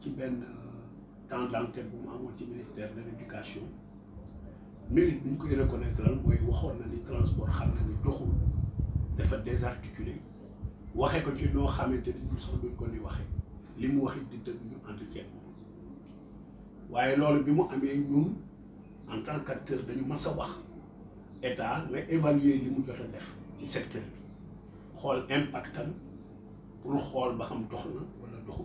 ci ben temps d'entête bu mu amoon ci ministère de l'éducation mais bi ñu koy reconnaître al mooy waxoon na ni transport xam na ni doxul dafa désarticulé waxe ko ci noo xamante ni ñun sax duñ ko ni waxé limu mu di deug ñu entretien moom waaye loolu bi mu amee ñun en tant qu'acteur dañu mas wax état nga évaluer limu mu def ci secteur bi xool impact pour xol ba xam doxna wala doxul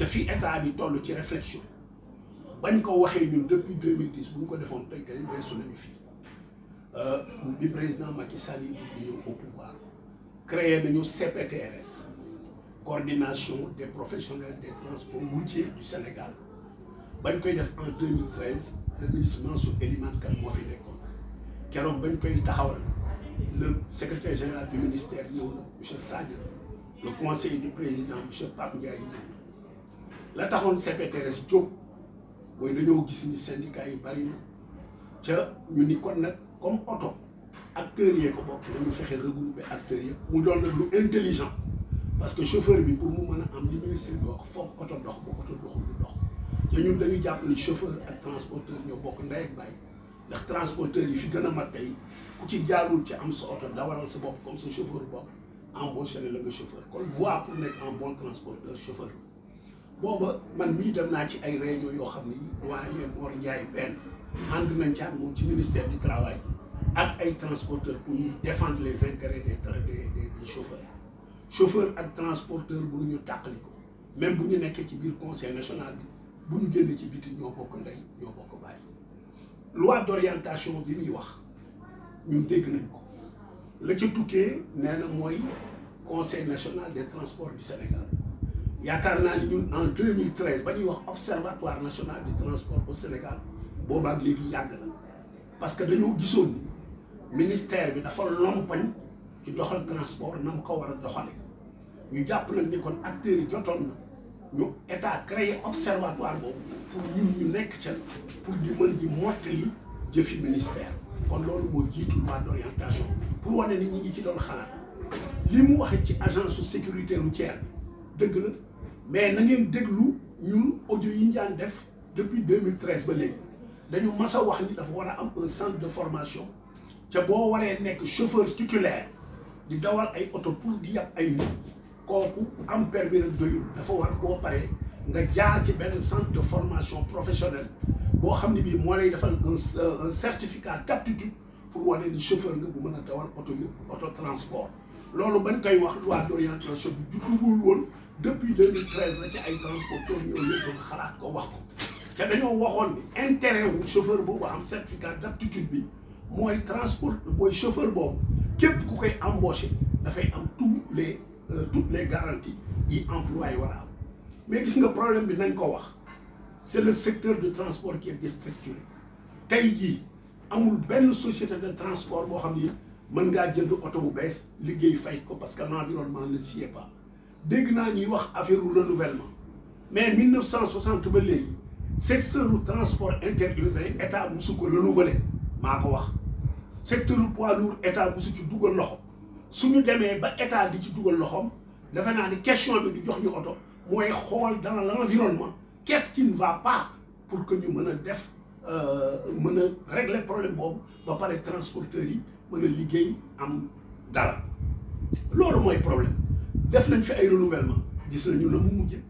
C'est fait état bi réflexion depuis 2010 nous avons fait defoon euh, président Macky Sall est au pouvoir créé nañu CPTRS coordination des professionnels des transports routiers du Sénégal koy en 2013 le ministre Mansour Elimane Kalmofi moo fi nekkoon koy taxawal le secrétaire général du ministère M. na le conseiller du président M. Pape Ndiaye la taxone CPTRS jóg moy dañu gis ni syndicat yi bari na ca ñu ni kon nak comme auto, acteur yee ko bokk dañu fexé regrouper acteur yëpp mu doon nag lu intelligent parce que chauffeur bi pour mu mën am li ministre bi wax foog oto dox ba auto dox lu dox te ñun dañu japp ni chauffeur ak transporteur ñoo bokk nday ak bay ndax transporteur yi fi gëna a tay ku ci jaarul ci am sa da waral sa bopp comme sa chauffeur bopp embaucher le chauffeur kon voix pour nekk un bon transporteur chauffeur booba man mi dem na ci ay réunion yo xamni loi doyen Mor Ndiaye ben, and nañ ci ak moom ci ministère du travail ak ay transporteurs pour ñuy défendre les intérêts des des des chauffeurs chauffeur ak transporteur mënuñu tàqali même bu ñu nekkee ci bir conseil national bi bu ñu génn ci biti ñoo bokk ndey ñoo bokk loi d'orientation bi mi wax ñu dégg nañ ko la ci tukkee néna moy conseil national des transports du Sénégal yaakaar naa ni ñun en 2013 ba ñuy wax observatoire national du transport au Sénégal boobaak léegi yàgg na parce que dañoo gisoon ni ministère bi dafa lompañ ci doxal transport na mu ko war a doxale ñu jàpp nag ni kon acteurs yi jotoon ñu état créé observatoire boobu pour ñun ñu nekk ca pour di mën di mottali jëfi ministère kon loolu moo jiitu loi d'orientation pour wane ni ñi ngi ci doon xalaat li mu waxee ci agence su sécurité routière dëgg mais na ngeen déglu ñun audio yi ñu def depuis 2013 ba léegi dañu massa wax ni dafa wara am un centre de formation ci bo waree nek chauffeur titulaire di dawal ay auto pour di yàpp ay nit kooku am permis de doyul dafa war boo paré nga jaar ci ben centre de formation professionnelle bo xamni bi mo lay defal un euh, un certificat d'aptitude pour wone ni chauffeur nga bu mën dawal auto yu oto transport lolu ban kay wax loi d'orientation bi judduwul woon depuis 2013 la ci ay transporteurs ñoo yëpp xalaat ko wax ko te dañoo waxoon ni intérêt wu chauffeur boobu am certificat d'aptitude bi mooy transport mooy chauffeur boobu képp ku koy embauché dafay am tous les euh, toutes les garanties yi emploi yi war a am mais gis nga problème bi nañ ko wax c'est le secteur du transport qui est déstructuré tey jii amul benn société de transport boo xam ni mën ngaa jënd oto bu bees liggéey fay ko parce que l'environnement ne s'y est pas dégg naa a wax renouvellement mais en 1960 le secteur du transport interurbain est musu ko renouveler secteur du poids lourd est musu ci nous loxo suñu demee ba état di ci dugal loxoom defe question de nous jox ñu dans l'environnement qu'est-ce qui ne va pas pour que nous puissions régler def euh, régler problème de ba pare transporteurs yi mën a liggéey am dara loolu le problème def nañ fi ay renouvellement gis nañu na mu mujjé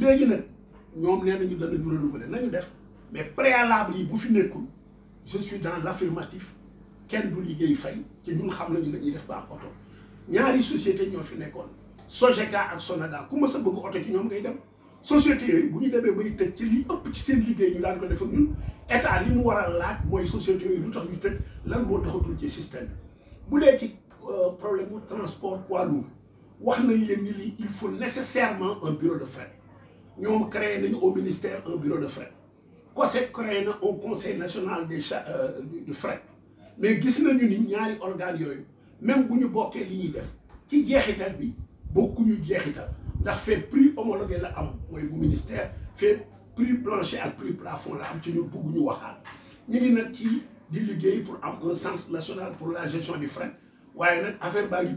légui nag ñom nee nañu danañu renouveler nañu def mais préalable yi bu fi nekkul je suis dans l'affirmatif affirmatif kenn du liggéey fay ci ñun xam nañu ne def ba auto ñaari société ñoo fi nekkoon Sogeca ak Sonaga ku ma sa bëgg auto ci ñom ngay dem société yooyu bu ñu démé bay tëj ci li ëpp ci seen liggéey ñu daan ko def ak ñun état li mu war a laaj mooy société yooyu lu tax ñu tëj lan moo doxatul ci système bu dee ci euh, problème mu transport poids lourd il faut nécessairement un bureau de Nous Nous créé au ministère un bureau de Quoi c'est créé na au conseil national des cha Mais euh, fret mais gis nañu ni ñaari organes même si nous bokkee li ñuy def ci jeexital bi bokkuñu jeexital ndax fait prix homologué la am mooy bu ministère fait prix plancher à prix plafond la am ci ñu bugg ñu waxaat ñu ngi ci di Nous pour un centre national pour la gestion du frais. waaye nag affaire baa ngi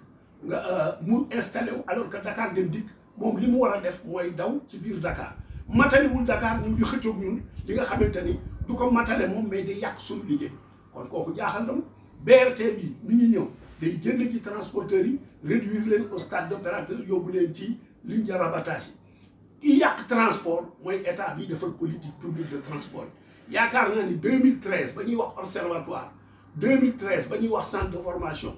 nga euh, mu installé wu alors que Dakar Dem Dikk moom li mu war a def mooy daw ci biir Dakar mataliwul Dakar ñu di xëccoog ñun li nga xamante ni du ko matale moom mais day yàq suñu liggéey kon kooku jaaxal na mu BRT bi mi ngi ñëw day jënd ci transporteurs yi réduire leen au stade d'opérateur yóbbu leen ci ligne de rabattage yi ki yàq transport mooy état bi defal politique publique de transport yaakaar naa ni 2013 ba ñuy wax observatoire 2013 ba ñuy wax centre de formation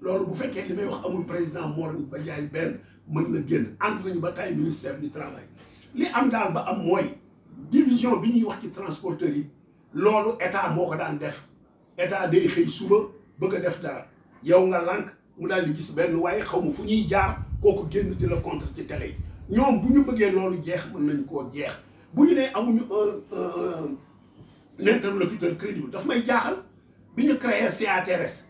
lolu bu fekkee limay wax amul président Mor ba jaay ben meun na genn entre nañu ba tay ministère du travail li am dal ba am moy division bi ñuy wax ci transporteur yi lolu état moko daan def état day xey suba bëgg def dara yow nga lank mu dal di gis ben waaye xawmu ma fu ñuy jaar koku genn di la contre ci télé yi ñoom bu ñu bëggee loolu jeex mën nañu koo jeex bu ñu nee euh un interlocuteur crédible daf may jaaxal bi ñu créé CATRS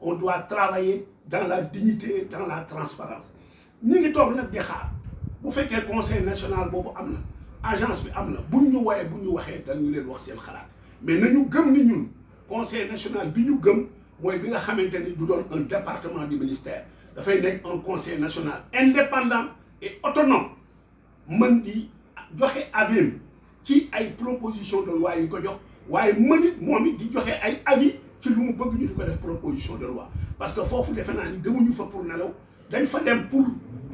on doit travailler dans la dignité dans la transparence Nous ngi tous nag di xaar bu conseil national l'agence, am agence bi am na buñ ñu woyee buñ ñu waxee dañu leen wax mais nañu gëm ni conseil national bi ñu gëm mooy bi du un département du ministère dafay nekk un conseil national indépendant et autonome mën di joxe avis ci ay proposition de loi yi ko jox waaye mën it avis ci lu mu bëgg ñu di def proposition de loi parce que fofu defe naa ni ñu fa pour nelaw dañ fa dem pour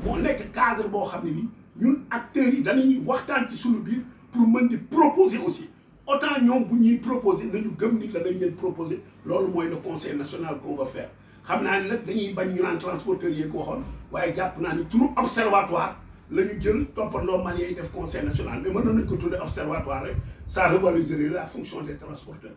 moo nek cadre bo xamni ni ñun acteur yi danañuy waxtaan ci suñu biir pour mën di proposer aussi autant ñom bu ñi proposer nañu gëm ni lay leen proposer loolu moy le conseil national qu'on va faire xamna ni nak dañuy bañ ñu nan transporteur yi ko waxoon waye japp naa ni turu observatoire lañu jël topando Maliens def conseil national mais mënoon nañ ko tudde observatoire rek ça revaloriserait la fonction des transporteurs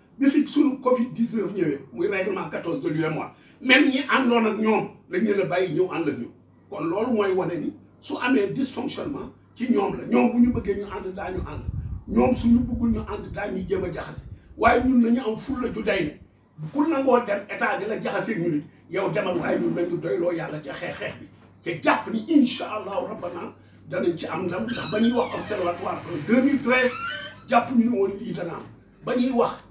bi fi suñu Covid 19 ñëwé muy règlement 14 de l'UEMOA même ñi àndoon ak ñoom dañ leen bayyi ñëw ànd ak ñu kon loolu moy wone ni su amé dysfonctionnement ci ñoom la ñoom buñu ñu ñu and daañu and ñoom suñu bëggul ñu and daañu jéem a jaxase waaye ñun nañu am fulla ju day ne ku nangoo dem état di la jaxase ñu nit yow demal waye ñun nañu doyloo yàlla ca xeex-xeex bi te japp ni inshallah allahu rabbana danañ ci am ndam ndax bañuy ñuy wax observatoire en 2013 japp ñu ne woon lii dana bañuy wax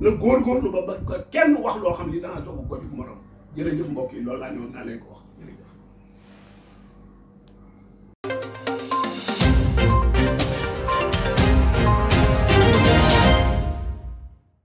la góor góorgóorlu ba ba kenn wax loo xam ne dana jox ko ko jub morom jërëjëf mbokk yi loolu laa ñëwoon naa leen ko wax.